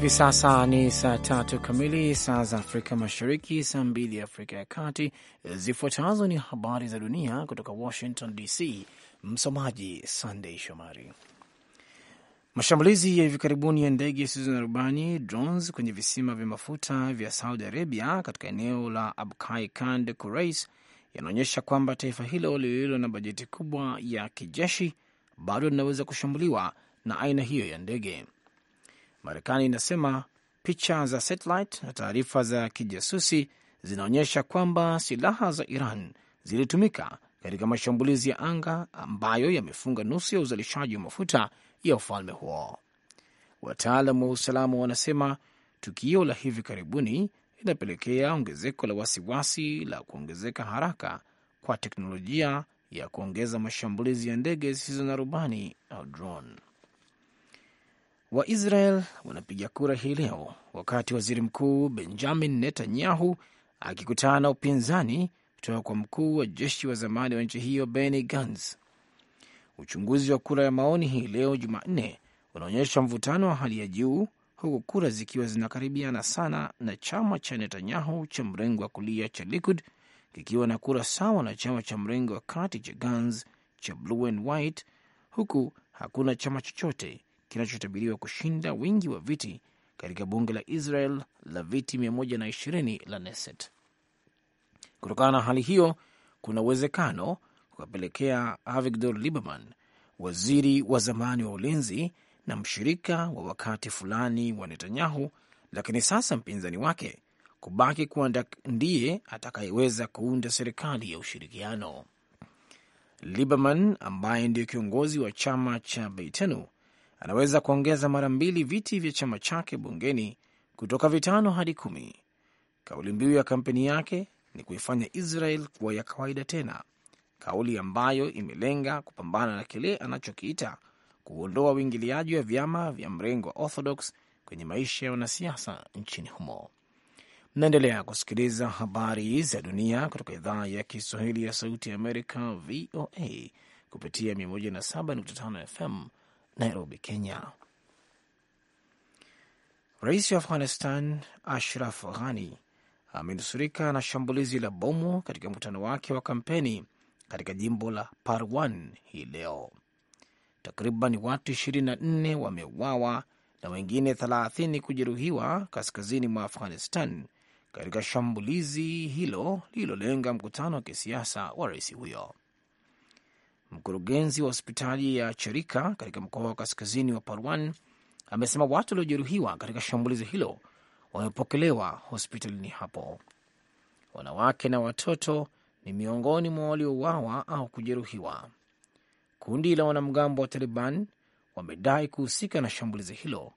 Hivi sasa ni saa tatu kamili saa za Afrika Mashariki, saa mbili Afrika ya Kati. Zifuatazo ni habari za dunia kutoka Washington DC. Msomaji Sandei Shomari. Mashambulizi ya hivi karibuni ya ndege zisizo na rubani drones kwenye visima vya mafuta vya Saudi Arabia katika eneo la Abkai Kand Kurais yanaonyesha kwamba taifa hilo lililo na bajeti kubwa ya kijeshi bado linaweza kushambuliwa na aina hiyo ya ndege. Marekani inasema picha za satellite na taarifa za kijasusi zinaonyesha kwamba silaha za Iran zilitumika katika mashambulizi ya anga ambayo yamefunga nusu ya uzalishaji wa mafuta ya ufalme huo. Wataalam wa usalama wanasema tukio la hivi karibuni linapelekea ongezeko la wasiwasi la kuongezeka haraka kwa teknolojia ya kuongeza mashambulizi ya ndege zisizo na rubani au drone. Waisrael wanapiga kura hii leo wakati waziri mkuu Benjamin Netanyahu akikutana na upinzani kutoka kwa mkuu wa jeshi wa zamani wa nchi hiyo Benny Gantz. Uchunguzi wa kura ya maoni hii leo Jumanne unaonyesha mvutano wa hali ya juu, huku kura zikiwa zinakaribiana sana na chama cha Netanyahu cha mrengo wa kulia cha Likud kikiwa na kura sawa na chama cha mrengo wa kati cha Gantz cha Blue and White, huku hakuna chama chochote kinachotabiriwa kushinda wingi wa viti katika bunge la Israel la viti 120 la Neset. Kutokana na hali hiyo, kuna uwezekano kukapelekea Avigdor Lieberman, waziri wa zamani wa ulinzi na mshirika wa wakati fulani wa Netanyahu, lakini sasa mpinzani wake, kubaki kuwa ndiye atakayeweza kuunda serikali ya ushirikiano. Lieberman ambaye ndiyo kiongozi wa chama cha Beitenu anaweza kuongeza mara mbili viti vya chama chake bungeni kutoka vitano hadi kumi. Kauli mbiu ya kampeni yake ni kuifanya Israel kuwa ya kawaida tena, kauli ambayo imelenga kupambana na kile anachokiita kuondoa uingiliaji wa vyama vya mrengo wa Orthodox kwenye maisha ya wanasiasa nchini humo. Mnaendelea kusikiliza habari za dunia kutoka idhaa ya Kiswahili ya Sauti ya Amerika, VOA, kupitia 107.5 FM Nairobi, Kenya. Rais wa Afghanistan Ashraf Ghani amenusurika na shambulizi la bomu katika mkutano wake wa kampeni katika jimbo la Parwan hii leo. Takriban watu 24 wameuawa na wengine 30 kujeruhiwa kaskazini mwa Afghanistan katika shambulizi hilo lililolenga mkutano wa kisiasa wa rais huyo. Mkurugenzi wa hospitali ya Cherika katika mkoa wa kaskazini wa Parwan amesema watu waliojeruhiwa katika shambulizi hilo wamepokelewa hospitalini hapo. Wanawake na watoto ni miongoni mwa waliouawa au kujeruhiwa. Kundi la wanamgambo wa Taliban wamedai kuhusika na shambulizi hilo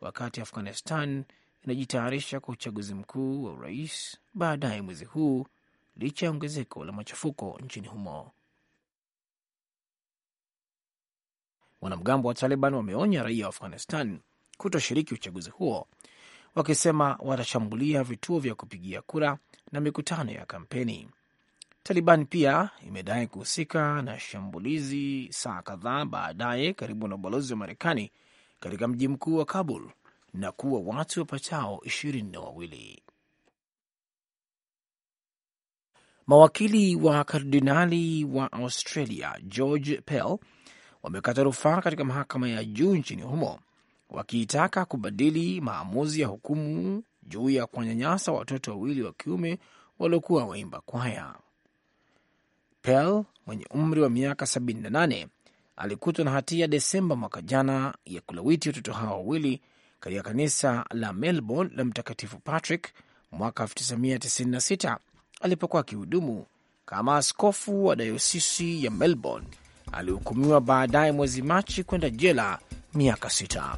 wakati Afghanistan inajitayarisha kwa uchaguzi mkuu wa urais baadaye mwezi huu, licha ya ongezeko la machafuko nchini humo. Wanamgambo wa Taliban wameonya raia wa Afghanistan kutoshiriki uchaguzi huo, wakisema watashambulia vituo vya kupigia kura na mikutano ya kampeni. Taliban pia imedai kuhusika na shambulizi saa kadhaa baadaye karibu na ubalozi wa Marekani katika mji mkuu wa Kabul na kuwa watu wapatao ishirini na wawili. Mawakili wa kardinali wa Australia George Pell wamekata rufaa katika mahakama ya juu nchini humo wakiitaka kubadili maamuzi ya hukumu juu ya kuwanyanyasa watoto wawili wa kiume waliokuwa waimba kwaya. pel mwenye umri wa miaka 78 alikutwa na hatia Desemba mwaka jana ya kulawiti watoto hao wawili katika kanisa la Melbourne la Mtakatifu Patrick mwaka 1996 alipokuwa akihudumu kama askofu wa dayosisi ya Melbourne alihukumiwa baadaye mwezi Machi kwenda jela miaka sita.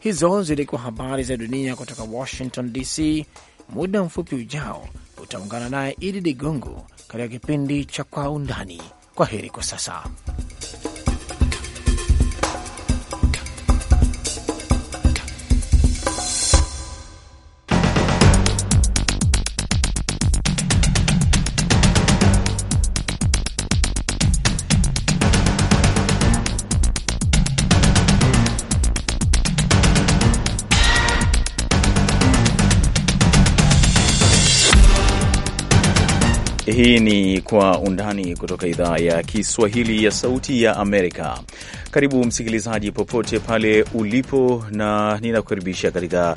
Hizo zilikuwa habari za dunia kutoka Washington DC. Muda mfupi ujao utaungana naye Idi Ligongo katika kipindi cha Kwa Undani. Kwa heri kwa sasa. Hii ni Kwa Undani kutoka idhaa ya Kiswahili ya Sauti ya Amerika. Karibu msikilizaji, popote pale ulipo, na ninakukaribisha katika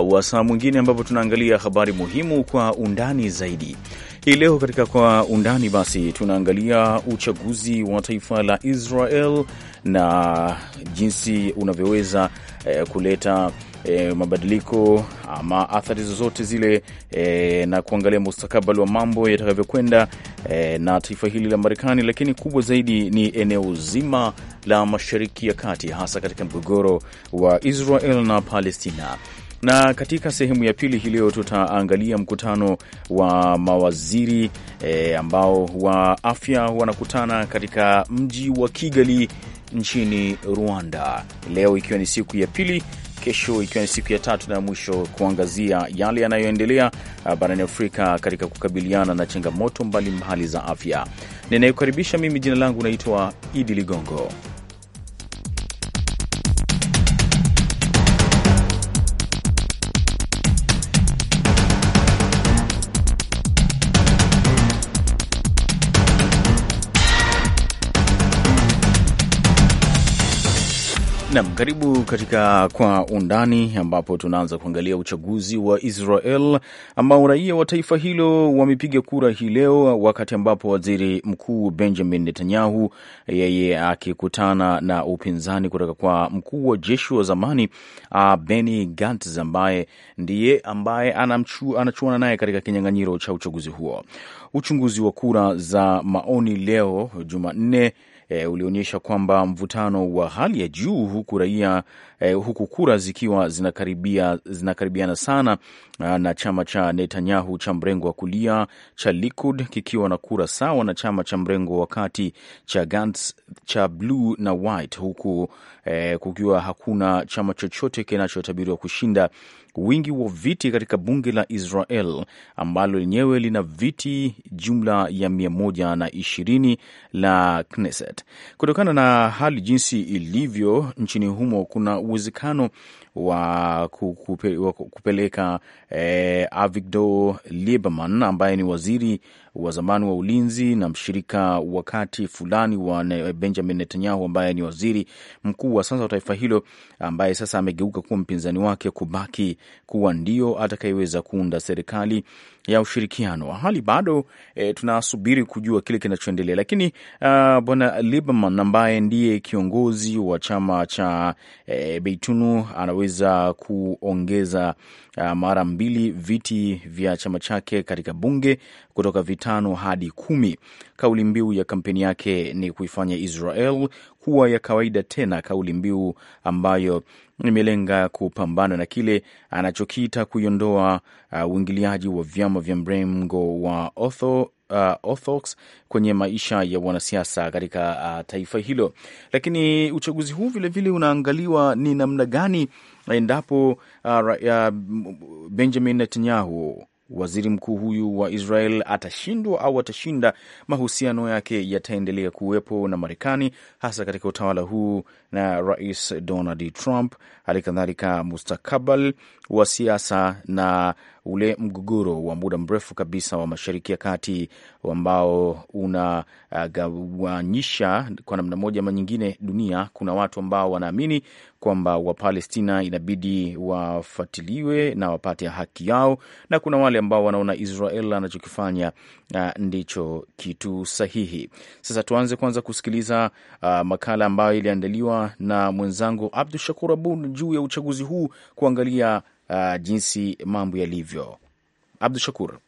uh, wasaa mwingine ambapo tunaangalia habari muhimu kwa undani zaidi. Hii leo katika Kwa Undani basi tunaangalia uchaguzi wa taifa la Israel na jinsi unavyoweza eh, kuleta e, mabadiliko ama athari zozote zile e, na kuangalia mustakabali wa mambo yatakavyokwenda e, na taifa hili la Marekani, lakini kubwa zaidi ni eneo zima la Mashariki ya Kati, hasa katika mgogoro wa Israel na Palestina na katika sehemu ya pili hii leo tutaangalia mkutano wa mawaziri e, ambao wa afya wanakutana katika mji wa Kigali nchini Rwanda leo ikiwa ni siku ya pili kesho, ikiwa ni siku ya tatu na ya mwisho kuangazia yale yanayoendelea uh, barani Afrika katika kukabiliana na changamoto mbalimbali za afya. Ninayekukaribisha mimi, jina langu naitwa Idi Ligongo. Nam, karibu katika Kwa Undani, ambapo tunaanza kuangalia uchaguzi wa Israel ambao raia wa taifa hilo wamepiga kura hii leo, wakati ambapo waziri mkuu Benjamin Netanyahu yeye akikutana na upinzani kutoka kwa mkuu wa jeshi wa zamani Benny Gantz ambaye ndiye ambaye anamchu, anachuana naye katika kinyang'anyiro cha uchaguzi huo. Uchunguzi wa kura za maoni leo Jumanne e, ulionyesha kwamba mvutano wa hali ya juu huku raia e, huku kura zikiwa zinakaribia, zinakaribiana sana a, e, na chama cha Netanyahu cha mrengo wa kulia cha Likud kikiwa na kura sawa na chama cha mrengo wa kati cha Gantz cha blue na white huku e, kukiwa hakuna chama chochote kinachotabiriwa kushinda wingi wa viti katika bunge la Israel ambalo lenyewe lina viti jumla ya mia moja na ishirini la Knesset. Kutokana na hali jinsi ilivyo nchini humo, kuna uwezekano wa kupeleka eh, Avigdor Lieberman ambaye ni waziri wa zamani wa ulinzi na mshirika wakati fulani wa Benjamin Netanyahu ambaye ni waziri mkuu wa sasa wa taifa hilo, ambaye sasa amegeuka kuwa mpinzani wake, kubaki kuwa ndio atakayeweza kuunda serikali ya ushirikiano wa hali bado e, tunasubiri kujua kile kinachoendelea, lakini uh, bwana Lieberman ambaye ndiye kiongozi wa chama cha e, Beitunu anaweza kuongeza uh, mara mbili viti vya chama chake katika bunge kutoka vitano hadi kumi. Kauli mbiu ya kampeni yake ni kuifanya Israel kuwa ya kawaida tena, kauli mbiu ambayo imelenga kupambana na kile anachokiita kuiondoa uh, uingiliaji uh, wa vyama vya mrengo wa otho Uh, orthodox kwenye maisha ya wanasiasa katika uh, taifa hilo. Lakini uchaguzi huu vilevile unaangaliwa ni namna gani uh, endapo uh, uh, Benjamin Netanyahu waziri mkuu huyu wa Israel atashindwa au atashinda, mahusiano yake yataendelea kuwepo na Marekani, hasa katika utawala huu na Rais Donald Trump, hali kadhalika mustakabali wa siasa na ule mgogoro wa muda mrefu kabisa wa Mashariki ya Kati ambao unagawanyisha kwa namna moja ama nyingine dunia. Kuna watu ambao wanaamini kwamba Wapalestina inabidi wafuatiliwe na wapate haki yao, na kuna wale ambao wanaona Israel anachokifanya uh, ndicho kitu sahihi. Sasa tuanze kwanza kusikiliza uh, makala ambayo iliandaliwa na mwenzangu Abdu Shakur Abud juu ya uchaguzi huu kuangalia uh, jinsi mambo yalivyo. Abdu Shakur,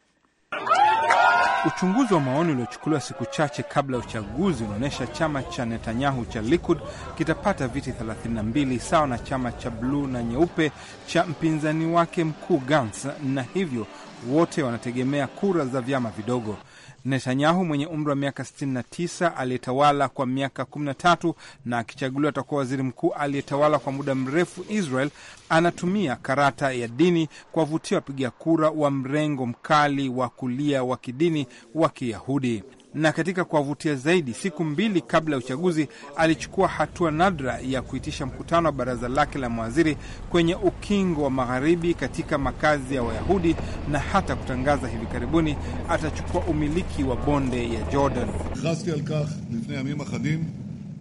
uchunguzi wa maoni uliochukuliwa siku chache kabla ya uchaguzi unaonyesha chama cha Netanyahu cha Likud kitapata viti 32 sawa na chama cha bluu na nyeupe cha mpinzani wake mkuu Gantz, na hivyo wote wanategemea kura za vyama vidogo. Netanyahu mwenye umri wa miaka 69 aliyetawala kwa miaka 13 na akichaguliwa atakuwa waziri mkuu aliyetawala kwa muda mrefu Israel, anatumia karata ya dini kuwavutia wapiga kura wa mrengo mkali wa kulia wa kidini wa Kiyahudi na katika kuwavutia zaidi, siku mbili kabla ya uchaguzi alichukua hatua nadra ya kuitisha mkutano wa baraza lake la mawaziri kwenye ukingo wa magharibi katika makazi ya Wayahudi na hata kutangaza hivi karibuni atachukua umiliki wa bonde ya Jordan.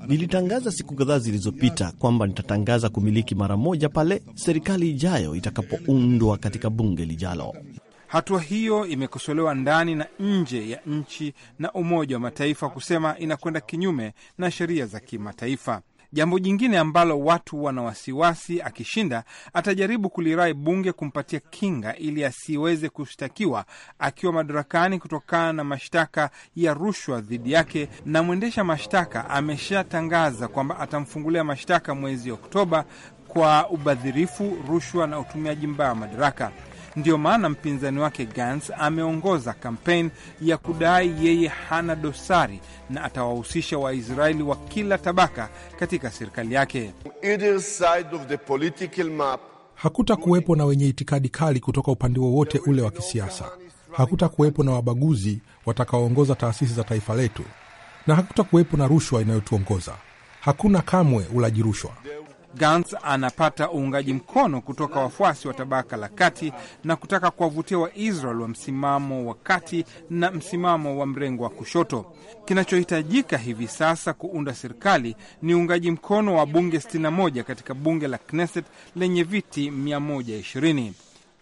Nilitangaza siku kadhaa zilizopita kwamba nitatangaza kumiliki mara moja pale serikali ijayo itakapoundwa katika bunge lijalo. Hatua hiyo imekosolewa ndani na nje ya nchi na Umoja wa Mataifa kusema inakwenda kinyume na sheria za kimataifa. Jambo jingine ambalo watu wana wasiwasi, akishinda atajaribu kulirai bunge kumpatia kinga ili asiweze kushtakiwa akiwa madarakani kutokana na mashtaka ya rushwa dhidi yake, na mwendesha mashtaka ameshatangaza kwamba atamfungulia mashtaka mwezi Oktoba kwa ubadhirifu, rushwa na utumiaji mbaya wa madaraka. Ndiyo maana mpinzani wake gans ameongoza kampeni ya kudai yeye hana dosari na atawahusisha Waisraeli wa kila tabaka katika serikali yake. Hakuta kuwepo na wenye itikadi kali kutoka upande wowote ule wa kisiasa. Hakuta kuwepo na wabaguzi watakaoongoza taasisi za taifa letu, na hakuta kuwepo na rushwa inayotuongoza. Hakuna kamwe ulaji rushwa. Gantz anapata uungaji mkono kutoka wafuasi wa tabaka la kati na kutaka kuwavutia Waisrael wa msimamo wa kati na msimamo wa mrengo wa kushoto. Kinachohitajika hivi sasa kuunda serikali ni uungaji mkono wa bunge 61 katika bunge la Knesset lenye viti 120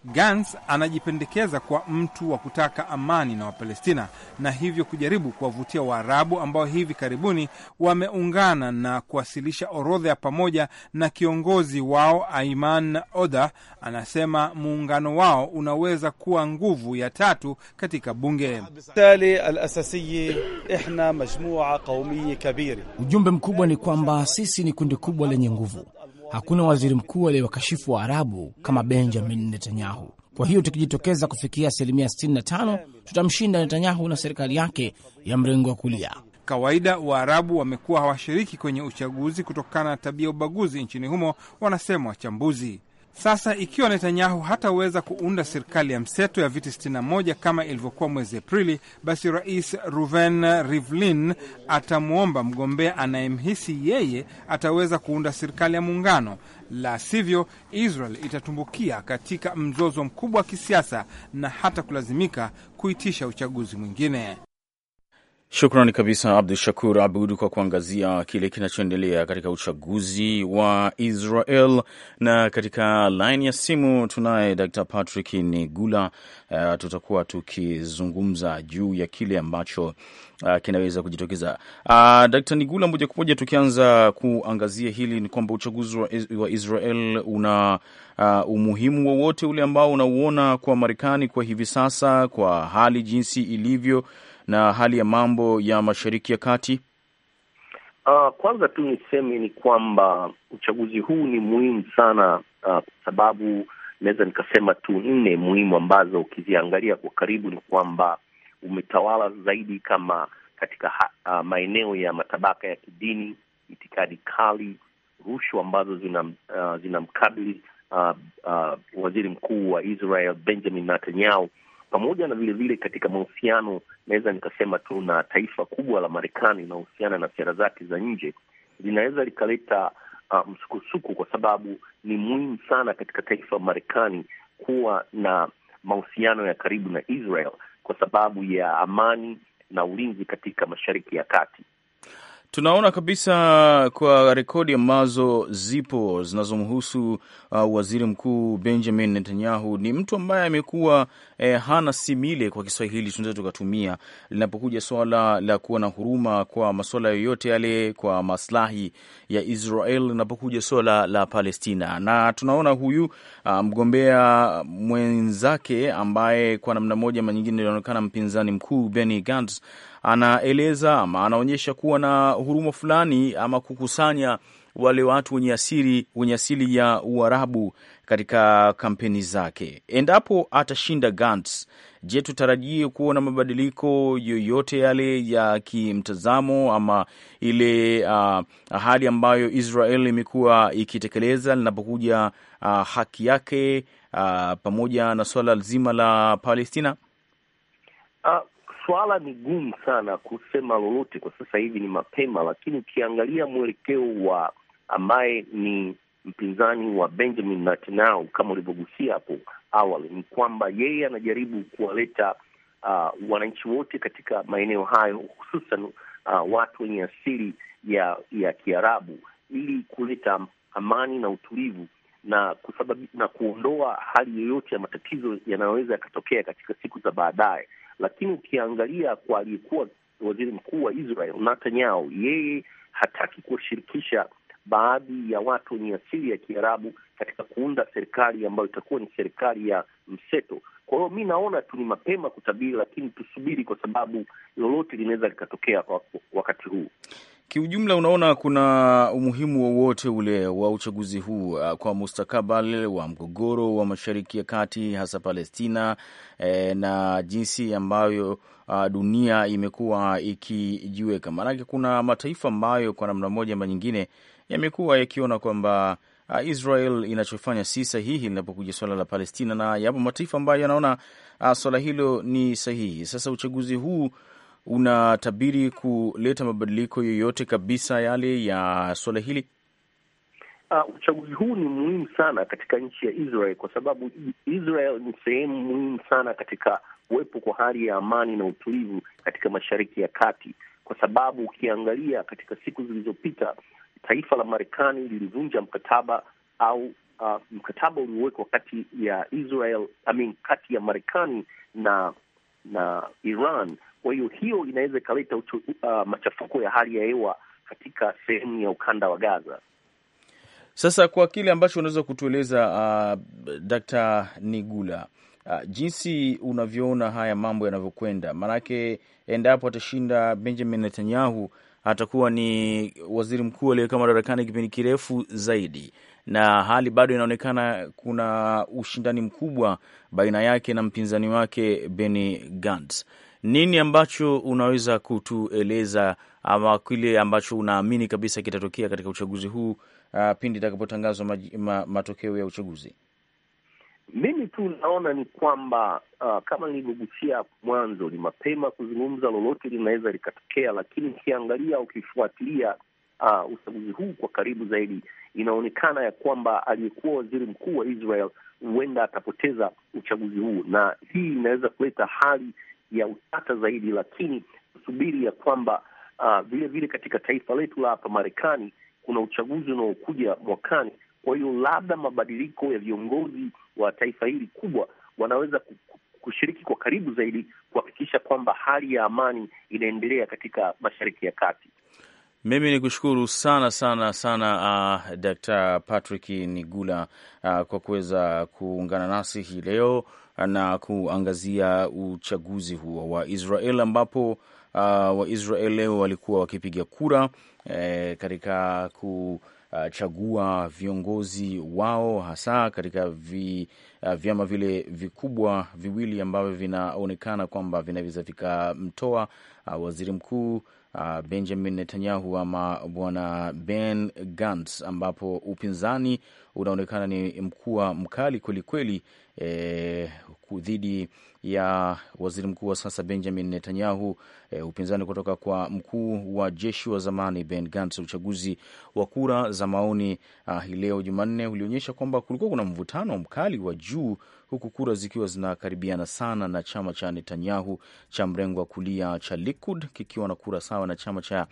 gans anajipendekeza kwa mtu wa kutaka amani na Wapalestina na hivyo kujaribu kuwavutia Waarabu ambao hivi karibuni wameungana na kuwasilisha orodha ya pamoja, na kiongozi wao Aiman Oda anasema muungano wao unaweza kuwa nguvu ya tatu katika bunge. Ujumbe mkubwa ni kwamba sisi ni kundi kubwa lenye nguvu hakuna waziri mkuu aliyewakashifu wa Arabu kama Benjamin Netanyahu. Kwa hiyo tukijitokeza kufikia asilimia 65 tutamshinda Netanyahu na serikali yake ya mrengo wa kulia. Kawaida Waarabu wamekuwa hawashiriki kwenye uchaguzi kutokana na tabia ya ubaguzi nchini humo, wanasema wachambuzi. Sasa ikiwa Netanyahu hataweza kuunda serikali ya mseto ya viti 61 kama ilivyokuwa mwezi Aprili, basi rais Ruven Rivlin atamwomba mgombea anayemhisi yeye ataweza kuunda serikali ya muungano. La sivyo, Israel itatumbukia katika mzozo mkubwa wa kisiasa na hata kulazimika kuitisha uchaguzi mwingine. Shukrani kabisa Abdu Shakur Abud kwa kuangazia kile kinachoendelea katika uchaguzi wa Israel. Na katika laini ya simu tunaye Dr Patrick Nigula. Uh, tutakuwa tukizungumza juu ya kile ambacho uh, kinaweza kujitokeza. Uh, ah, Dr Nigula, moja kwa moja tukianza kuangazia hili, ni kwamba uchaguzi wa Israel una uh, umuhimu wowote ule ambao unauona kwa Marekani kwa hivi sasa, kwa hali jinsi ilivyo na hali ya mambo ya Mashariki ya Kati? Uh, kwanza tu niseme ni kwamba uchaguzi huu ni muhimu sana uh, sababu naweza nikasema tu nne muhimu ambazo ukiziangalia kwa karibu ni kwamba umetawala zaidi kama katika uh, maeneo ya matabaka ya kidini, itikadi kali, rushwa ambazo zinamkabili uh, zina uh, uh, waziri mkuu wa Israel Benjamin Netanyahu pamoja na vilevile vile katika mahusiano, naweza nikasema tu na taifa kubwa la Marekani inahusiana na sera zake za nje, linaweza likaleta uh, msukusuku, kwa sababu ni muhimu sana katika taifa Marekani kuwa na mahusiano ya karibu na Israel kwa sababu ya amani na ulinzi katika Mashariki ya Kati tunaona kabisa kwa rekodi ambazo zipo zinazomhusu uh, waziri mkuu Benjamin Netanyahu ni mtu ambaye amekuwa eh, hana simile, kwa Kiswahili tunaweza tukatumia, linapokuja swala la kuwa na huruma kwa masuala yoyote yale, kwa maslahi ya Israel, linapokuja swala la Palestina. Na tunaona huyu uh, mgombea mwenzake ambaye kwa namna moja ama nyingine inaonekana mpinzani mkuu Benny Gantz anaeleza ama anaonyesha kuwa na huruma fulani ama kukusanya wale watu wenye asili wenye asili ya Uarabu katika kampeni zake. Endapo atashinda Gantz, je, tutarajie kuona mabadiliko yoyote yale ya kimtazamo ama ile uh, ahadi ambayo Israel imekuwa ikitekeleza linapokuja uh, haki yake uh, pamoja na suala zima la Palestina? Uh, swala ni gumu sana kusema lolote kwa sasa hivi, ni mapema, lakini ukiangalia mwelekeo wa ambaye ni mpinzani wa Benjamin Netanyahu kama ulivyogusia hapo awali, ni kwamba yeye anajaribu kuwaleta uh, wananchi wote katika maeneo hayo hususan uh, watu wenye asili ya ya Kiarabu ili kuleta amani na utulivu na kusababi, na kuondoa hali yoyote ya matatizo yanayoweza yakatokea katika siku za baadaye. Lakini ukiangalia kwa aliyekuwa waziri mkuu wa Israel Netanyahu, yeye hataki kuwashirikisha baadhi ya watu wenye asili ya Kiarabu katika kuunda serikali ambayo itakuwa ni serikali ya mseto. Kwa hiyo mi naona tu ni mapema kutabiri, lakini tusubiri, kwa sababu lolote linaweza likatokea kwa wakati huu. Kiujumla, unaona kuna umuhimu wowote ule wa uchaguzi huu uh, kwa mustakabali wa mgogoro wa Mashariki ya Kati, hasa Palestina e, na jinsi ambayo a, uh, dunia imekuwa ikijiweka? Maanake kuna mataifa ambayo kwa namna moja ama nyingine yamekuwa yakiona kwamba uh, Israel inachofanya si sahihi linapokuja swala la Palestina, na yapo mataifa ambayo yanaona swala hilo ni sahihi. Sasa uchaguzi huu unatabiri kuleta mabadiliko yoyote kabisa yale ya suala hili? Uh, uchaguzi huu ni muhimu sana katika nchi ya Israel kwa sababu Israel ni sehemu muhimu sana katika kuwepo kwa hali ya amani na utulivu katika Mashariki ya Kati, kwa sababu ukiangalia katika siku zilizopita taifa la Marekani lilivunja mkataba au uh, mkataba uliowekwa kati ya Israel I mean, kati ya Marekani na na Iran kwa hiyo hiyo inaweza ikaleta uh, machafuko ya hali ya hewa katika sehemu ya ukanda wa Gaza. Sasa kwa kile ambacho unaweza kutueleza uh, Dr. Nigula uh, jinsi unavyoona haya mambo yanavyokwenda, maanake endapo atashinda Benjamin Netanyahu atakuwa ni waziri mkuu aliyekaa madarakani kipindi kirefu zaidi, na hali bado inaonekana kuna ushindani mkubwa baina yake na mpinzani wake Benny Gantz nini ambacho unaweza kutueleza ama kile ambacho unaamini kabisa kitatokea katika uchaguzi huu uh, pindi itakapotangazwa ma, matokeo ya uchaguzi? Mimi tu naona ni kwamba uh, kama nilivyogusia mwanzo, ni mapema kuzungumza, lolote linaweza likatokea, lakini ukiangalia, ukifuatilia uh, uchaguzi huu kwa karibu zaidi, inaonekana ya kwamba aliyekuwa waziri mkuu wa Israel huenda atapoteza uchaguzi huu, na hii inaweza kuleta hali ya utata zaidi, lakini subiri ya kwamba vilevile ah, uh, vile katika taifa letu la hapa Marekani kuna uchaguzi unaokuja mwakani. Kwa hiyo labda mabadiliko ya viongozi wa taifa hili kubwa wanaweza kushiriki kwa karibu zaidi kuhakikisha kwamba hali ya amani inaendelea katika Mashariki ya Kati. Mimi ni kushukuru sana sana sana, uh, Dr. Patrick Nigula uh, kwa kuweza kuungana nasi hii leo na kuangazia uchaguzi huo wa Israel ambapo Uh, Waisrael leo walikuwa wakipiga kura eh, katika kuchagua viongozi wao hasa katika vi, uh, vyama vile vikubwa viwili ambavyo vinaonekana kwamba vinaweza vikamtoa uh, waziri mkuu uh, Benjamin Netanyahu ama bwana Ben Gantz, ambapo upinzani unaonekana ni mkuwa mkali kwelikweli e, eh, dhidi ya waziri mkuu wa sasa Benjamin Netanyahu. E, upinzani kutoka kwa mkuu wa jeshi wa zamani Ben Gantz. Uchaguzi wa kura za maoni ah, hii leo Jumanne ulionyesha kwamba kulikuwa kuna mvutano mkali wa juu, huku kura zikiwa zinakaribiana sana, na chama cha Netanyahu cha mrengo wa kulia cha Likud kikiwa na kura sawa na chama cha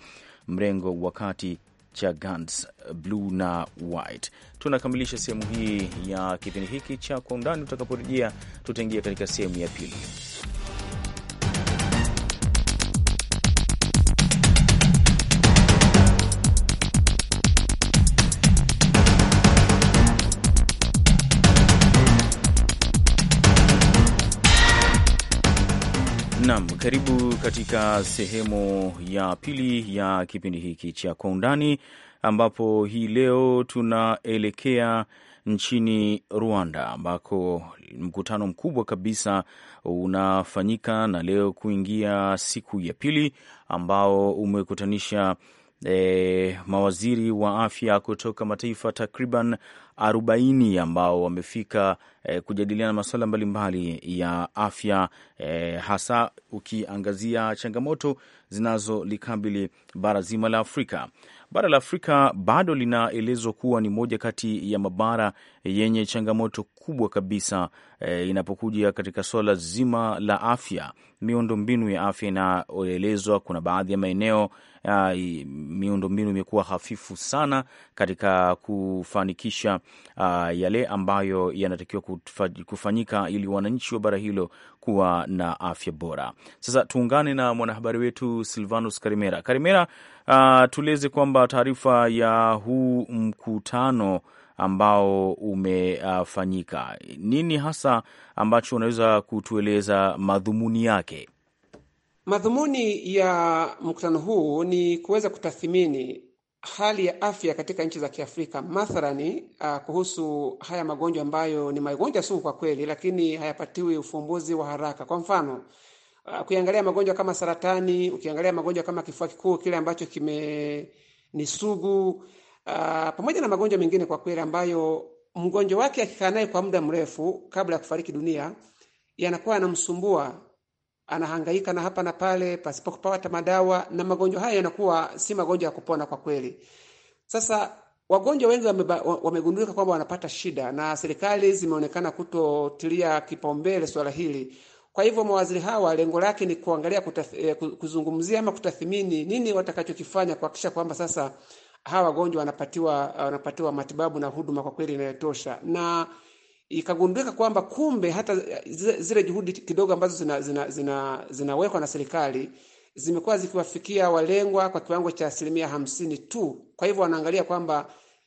mrengo wa kati cha Guns Blue na White. Tunakamilisha sehemu hii ya kipindi hiki cha Kwa Undani. utakaporejea tutaingia katika sehemu ya pili. Naam, karibu katika sehemu ya pili ya kipindi hiki cha Kwa Undani, ambapo hii leo tunaelekea nchini Rwanda ambako mkutano mkubwa kabisa unafanyika na leo kuingia siku ya pili ambao umekutanisha e, mawaziri wa afya kutoka mataifa takriban arobaini ambao wamefika e, kujadiliana masuala mbalimbali ya afya e, hasa ukiangazia changamoto zinazolikabili bara zima la Afrika. Bara la Afrika bado linaelezwa kuwa ni moja kati ya mabara yenye changamoto kubwa kabisa e, inapokuja katika swala zima la afya, miundombinu ya afya inaoelezwa Kuna baadhi ya maeneo ah, miundombinu imekuwa hafifu sana katika kufanikisha a, ah, yale ambayo yanatakiwa kufanyika ili wananchi wa bara hilo kuwa na afya bora. Sasa tuungane na mwanahabari wetu Silvanus Karimera. Karimera, ah, tueleze kwamba taarifa ya huu mkutano ambao umefanyika. Uh, nini hasa ambacho unaweza kutueleza madhumuni yake? Madhumuni ya mkutano huu ni kuweza kutathimini hali ya afya katika nchi za Kiafrika mathalani, uh, kuhusu haya magonjwa ambayo ni magonjwa sugu kwa kweli, lakini hayapatiwi ufumbuzi wa haraka. Kwa mfano uh, ukiangalia magonjwa kama saratani, ukiangalia magonjwa kama kifua kikuu kile ambacho kime ni sugu, uh, pamoja na magonjwa mengine kwa kweli ambayo mgonjwa wake akikaa naye kwa muda mrefu kabla ya kufariki dunia yanakuwa yanamsumbua, anahangaika na hapa na pale pasipo kupata madawa, na magonjwa haya yanakuwa si magonjwa ya kupona kwa kweli. Sasa wagonjwa wengi wamegundulika wame kwamba wanapata shida, na serikali zimeonekana kutotilia kipaumbele swala hili. Kwa hivyo mawaziri hawa lengo lake ni kuangalia kutath, eh, kuzungumzia ama kutathimini nini watakachokifanya kuhakikisha kwamba sasa hawa wagonjwa wanapatiwa, uh, wanapatiwa matibabu na huduma kwa kweli inayotosha na ikagundulika kwamba kumbe hata uh, zile juhudi kidogo ambazo zinawekwa zina, zina, zina na serikali zimekuwa zikiwafikia walengwa kwa kiwango cha asilimia hamsini tu. Kwa hivyo wanaangalia kwamba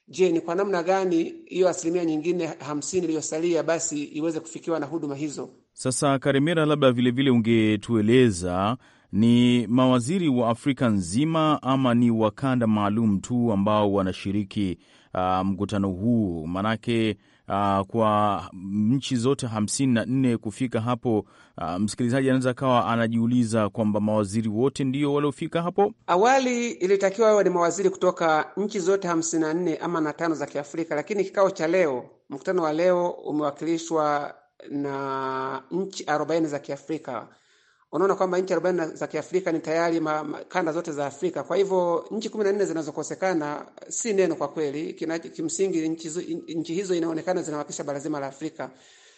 je, ni kwa namna gani hiyo asilimia nyingine hamsini iliyosalia basi iweze kufikiwa na huduma hizo. Sasa Karemera, labda vilevile ungetueleza ni mawaziri wa Afrika nzima ama ni wakanda maalum tu ambao wanashiriki uh, mkutano huu? Maanake uh, kwa nchi zote hamsini na nne kufika hapo uh, msikilizaji anaweza kawa anajiuliza kwamba mawaziri wote ndio waliofika hapo. Awali ilitakiwa wawe ni mawaziri kutoka nchi zote hamsini na nne ama na tano za Kiafrika, lakini kikao cha leo, mkutano wa leo umewakilishwa na nchi arobaini za Kiafrika unaona kwamba nchi arobaini za Kiafrika ni tayari ma, ma, kanda zote za Afrika. Kwa hivyo nchi kumi na nne zinazokosekana si neno kwa kweli. Kina, kimsingi nchi, nchi hizo inaonekana zinawakilisha bara zima la Afrika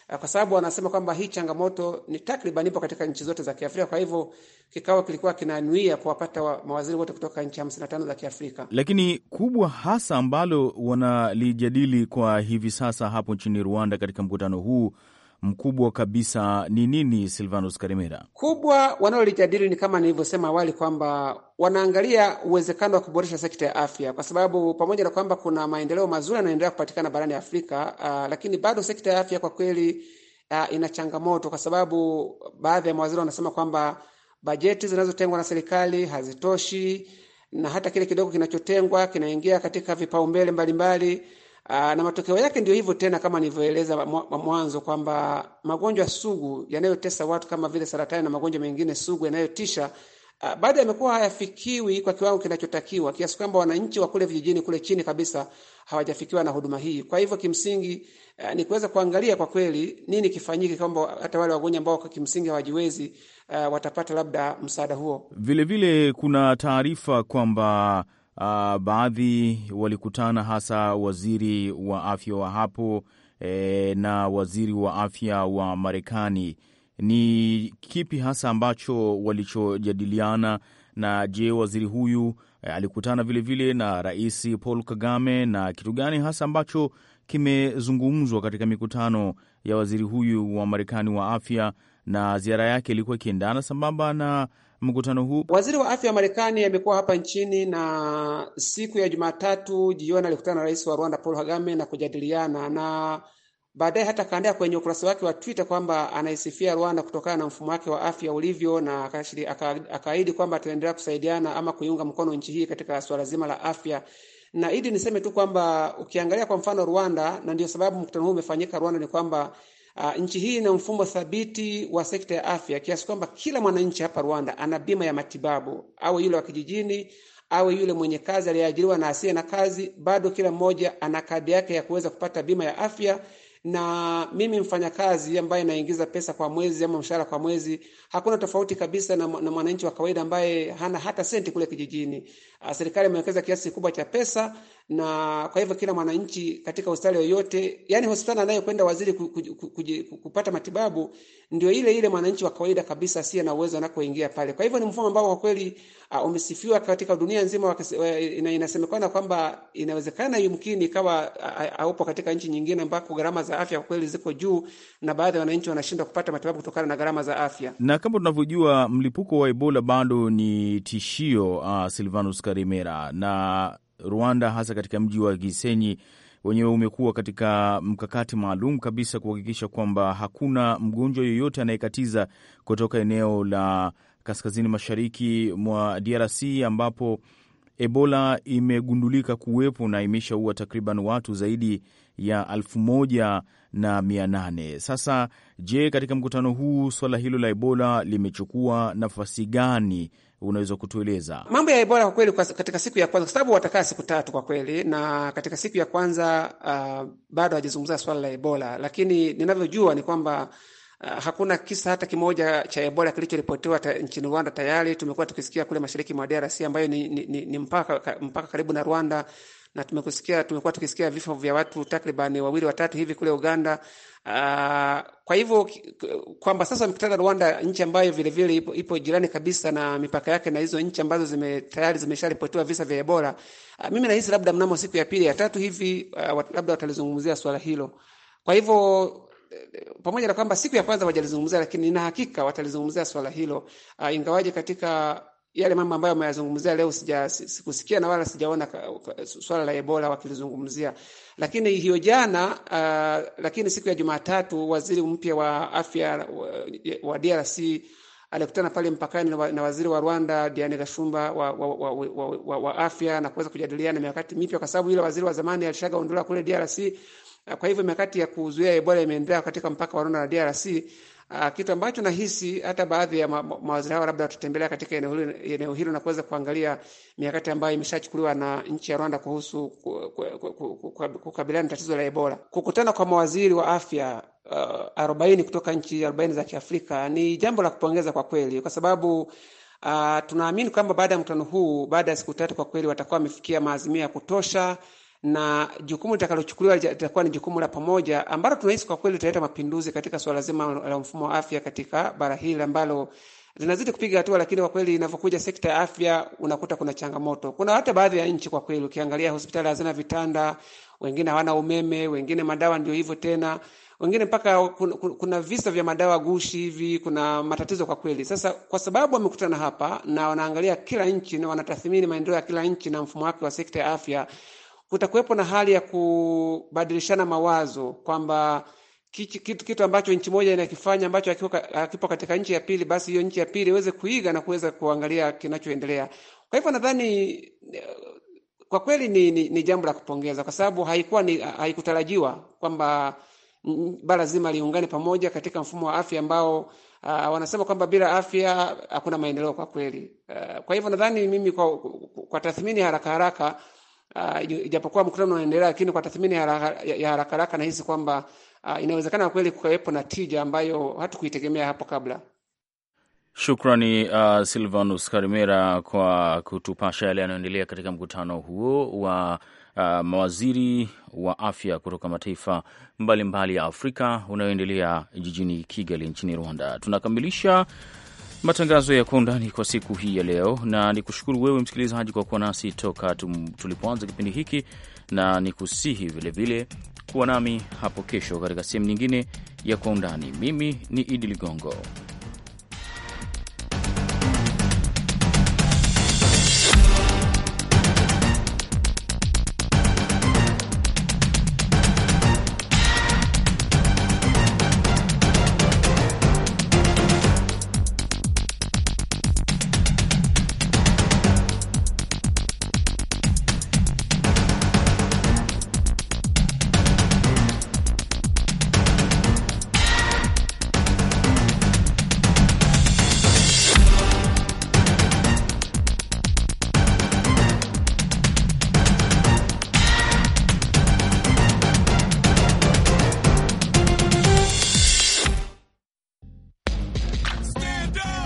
eh, kwa sababu wanasema kwamba hii changamoto ni takriban ipo katika nchi zote za Kiafrika. Kwa hivyo kikao kilikuwa kinanuia kuwapata mawaziri wote kutoka nchi 55 za Kiafrika, lakini kubwa hasa ambalo wanalijadili kwa hivi sasa hapo nchini Rwanda katika mkutano huu mkubwa kabisa ni nini, Silvanus Karimera? Kubwa wanaolijadili ni kama nilivyosema awali kwamba wanaangalia uwezekano wa kuboresha sekta ya afya, kwa sababu pamoja na kwamba kuna maendeleo mazuri yanaendelea kupatikana barani Afrika, uh, lakini bado sekta ya afya kwa kweli uh, ina changamoto, kwa sababu baadhi ya mawaziri wanasema kwamba bajeti zinazotengwa na serikali hazitoshi na hata kile kidogo kinachotengwa kinaingia katika vipaumbele mbalimbali mbali. Aa, ah, na matokeo yake ndio hivyo tena, kama nilivyoeleza mwanzo kwamba magonjwa sugu yanayotesa watu kama vile saratani na magonjwa mengine sugu yanayotisha ah, baada yamekuwa hayafikiwi kwa kiwango kinachotakiwa, kiasi kwamba wananchi wa kule vijijini kule chini kabisa hawajafikiwa na huduma hii. Kwa hivyo kimsingi uh, ni kuweza kuangalia kwa kweli nini kifanyike, kwamba hata wale wagonjwa ambao kwa kimsingi hawajiwezi uh, watapata labda msaada huo. Vilevile vile kuna taarifa kwamba Uh, baadhi walikutana hasa waziri wa afya wa hapo e, na waziri wa afya wa Marekani. Ni kipi hasa ambacho walichojadiliana? Na je, waziri huyu e, alikutana vilevile vile na Rais Paul Kagame, na kitu gani hasa ambacho kimezungumzwa katika mikutano ya waziri huyu wa Marekani wa afya, na ziara yake ilikuwa ikiendana sambamba na mkutano huu. Waziri wa afya wa Marekani amekuwa hapa nchini na siku ya Jumatatu jioni alikutana na rais wa Rwanda Paul Kagame na kujadiliana, na baadaye hata akaandika kwenye ukurasa wake wa Twitter kwamba anaisifia Rwanda kutokana na mfumo wake wa afya ulivyo, na akaahidi kwamba ataendelea kusaidiana ama kuiunga mkono nchi hii katika suala zima la afya na Idi, niseme tu kwamba ukiangalia kwa mfano Rwanda, na ndio sababu mkutano huu umefanyika Rwanda, ni kwamba Uh, nchi hii ina mfumo thabiti wa sekta ya afya kiasi kwamba kila mwananchi hapa Rwanda ana bima ya matibabu, awe yule wa kijijini, awe yule mwenye kazi aliyeajiriwa na asiye na kazi, bado kila mmoja ana kadi yake ya kuweza kupata bima ya afya. Na mimi mfanyakazi ambaye naingiza pesa kwa mwezi ama mshahara kwa mwezi, hakuna tofauti kabisa na, na mwananchi wa kawaida ambaye hana hata senti kule kijijini. Uh, serikali imewekeza kiasi kikubwa cha pesa na kwa hivyo kila mwananchi katika hospitali yoyote, yani hospitali anayokwenda waziri kupata matibabu ndio ile ile mwananchi wa kawaida kabisa asiye na uwezo anakoingia pale. Kwa hivyo ni mfumo ambao kwa kweli uh, umesifiwa katika dunia nzima na inasemekana kwamba inawezekana yumkini ikawa haupo katika nchi nyingine ambako gharama za afya kwa kweli ziko juu na baadhi ya wananchi wanashindwa kupata matibabu kutokana na gharama za afya. Na kama tunavyojua mlipuko wa Ebola bado ni tishio uh, Silvanus Karimera na Rwanda, hasa katika mji wa Gisenyi wenyewe umekuwa katika mkakati maalum kabisa kuhakikisha kwamba hakuna mgonjwa yoyote anayekatiza kutoka eneo la kaskazini mashariki mwa DRC ambapo Ebola imegundulika kuwepo na imeshaua takriban watu zaidi ya elfu moja na mia nane. Sasa je, katika mkutano huu swala hilo la Ebola limechukua nafasi gani unaweza kutueleza mambo ya Ebola? Kwa kweli katika siku ya kwanza, kwa sababu watakaa siku tatu kwa kweli, na katika siku ya kwanza uh, bado hajazungumzia swala la Ebola, lakini ninavyojua ni kwamba Uh, hakuna kisa hata kimoja cha Ebola kilichoripotiwa nchini Rwanda. Tayari tumekuwa tukisikia kule mashariki mwa DRC ambayo ni, ni, ni, ni mpaka, mpaka karibu na Rwanda na tumekusikia, tumekuwa tukisikia vifo vya watu takriban wawili watatu hivi kule Uganda. Uh, kwa hivyo kwamba sasa wamekutana Rwanda, nchi ambayo vilevile ipo, ipo jirani kabisa na mipaka yake na hizo nchi ambazo zime, tayari zimesharipotiwa visa vya Ebola. Uh, mimi nahisi labda mnamo siku ya pili ya tatu hivi uh, labda watalizungumzia swala hilo. Kwa hivyo eh, pamoja na kwamba siku ya kwanza wajalizungumzia, lakini nina hakika watalizungumzia swala hilo uh, ingawaje katika yale mambo ambayo ameyazungumzia leo sija sikusikia na wala sijaona swala la Ebola wakilizungumzia, lakini hiyo jana uh, lakini siku ya Jumatatu waziri mpya wa afya wa, wa DRC alikutana pale mpakani na waziri wa Rwanda Diane Gashumba wa, wa, wa, wa, wa, wa afya na kuweza kujadiliana mikakati mipya, kwa sababu yule waziri wa zamani alishagaondolewa kule DRC. Kwa hivyo mikakati ya kuzuia Ebola imeendelea katika mpaka wa Rwanda na DRC Uh, kitu ambacho nahisi hata baadhi ya ma mawaziri hao labda watatembelea katika eneo hilo na kuweza kuangalia mikakati ambayo imeshachukuliwa na nchi ya Rwanda kuhusu kukabiliana na tatizo la Ebola. Kukutana kwa mawaziri wa afya uh, arobaini kutoka nchi arobaini za Kiafrika ni jambo la kupongeza kwa kweli, kwa sababu uh, tunaamini kwamba baada ya mkutano huu, baada ya siku tatu, kwa kweli watakuwa wamefikia maazimio ya kutosha na jukumu litakalochukuliwa litakuwa ni jukumu la pamoja ambalo tunahisi kwa kweli litaleta mapinduzi katika suala zima la mfumo wa afya katika bara hili ambalo zinazidi kupiga hatua, lakini kwa kweli inavyokuja sekta ya afya unakuta kuna changamoto. Kuna hata baadhi ya nchi kwa kweli, ukiangalia hospitali hazina vitanda, wengine hawana umeme, wengine madawa ndio hivyo tena, wengine mpaka kuna, kuna visa vya madawa gushi hivi, kuna matatizo kwa kweli. Sasa kwa sababu wamekutana hapa na wanaangalia kila nchi na wanatathmini maendeleo ya kila nchi na mfumo wake wa sekta ya afya kutakuwepo na hali ya kubadilishana mawazo kwamba kitu, kitu ambacho nchi moja inakifanya ambacho hakipo katika nchi ya pili, basi hiyo nchi ya pili iweze kuiga na kuweza kuangalia kinachoendelea. Kwa hivyo nadhani eh, kwa kweli ni, ni, ni jambo la kupongeza kwa sababu haikuwa ni, haikutarajiwa kwamba mm, mm, bara zima liungane pamoja katika mfumo wa afya ambao uh, wanasema kwamba bila afya hakuna maendeleo kwa kweli. Uh, kwa hivyo nadhani mimi kwa, kwa tathmini haraka haraka uh, ijapokuwa mkutano unaendelea, lakini kwa tathmini ya haraka haraka nahisi kwamba uh, inawezekana kweli kukawepo na tija ambayo hatukuitegemea hapo kabla. Shukrani uh, Silvanus Karimera kwa kutupasha yale yanayoendelea katika mkutano huo wa uh, mawaziri wa afya kutoka mataifa mbalimbali mbali ya Afrika unayoendelea jijini Kigali nchini Rwanda. Tunakamilisha matangazo ya Kwa Undani kwa siku hii ya leo, na ni kushukuru wewe msikilizaji kwa kuwa nasi toka tulipoanza kipindi hiki, na ni kusihi vilevile kuwa nami hapo kesho katika sehemu nyingine ya Kwa Undani. Mimi ni Idi Ligongo.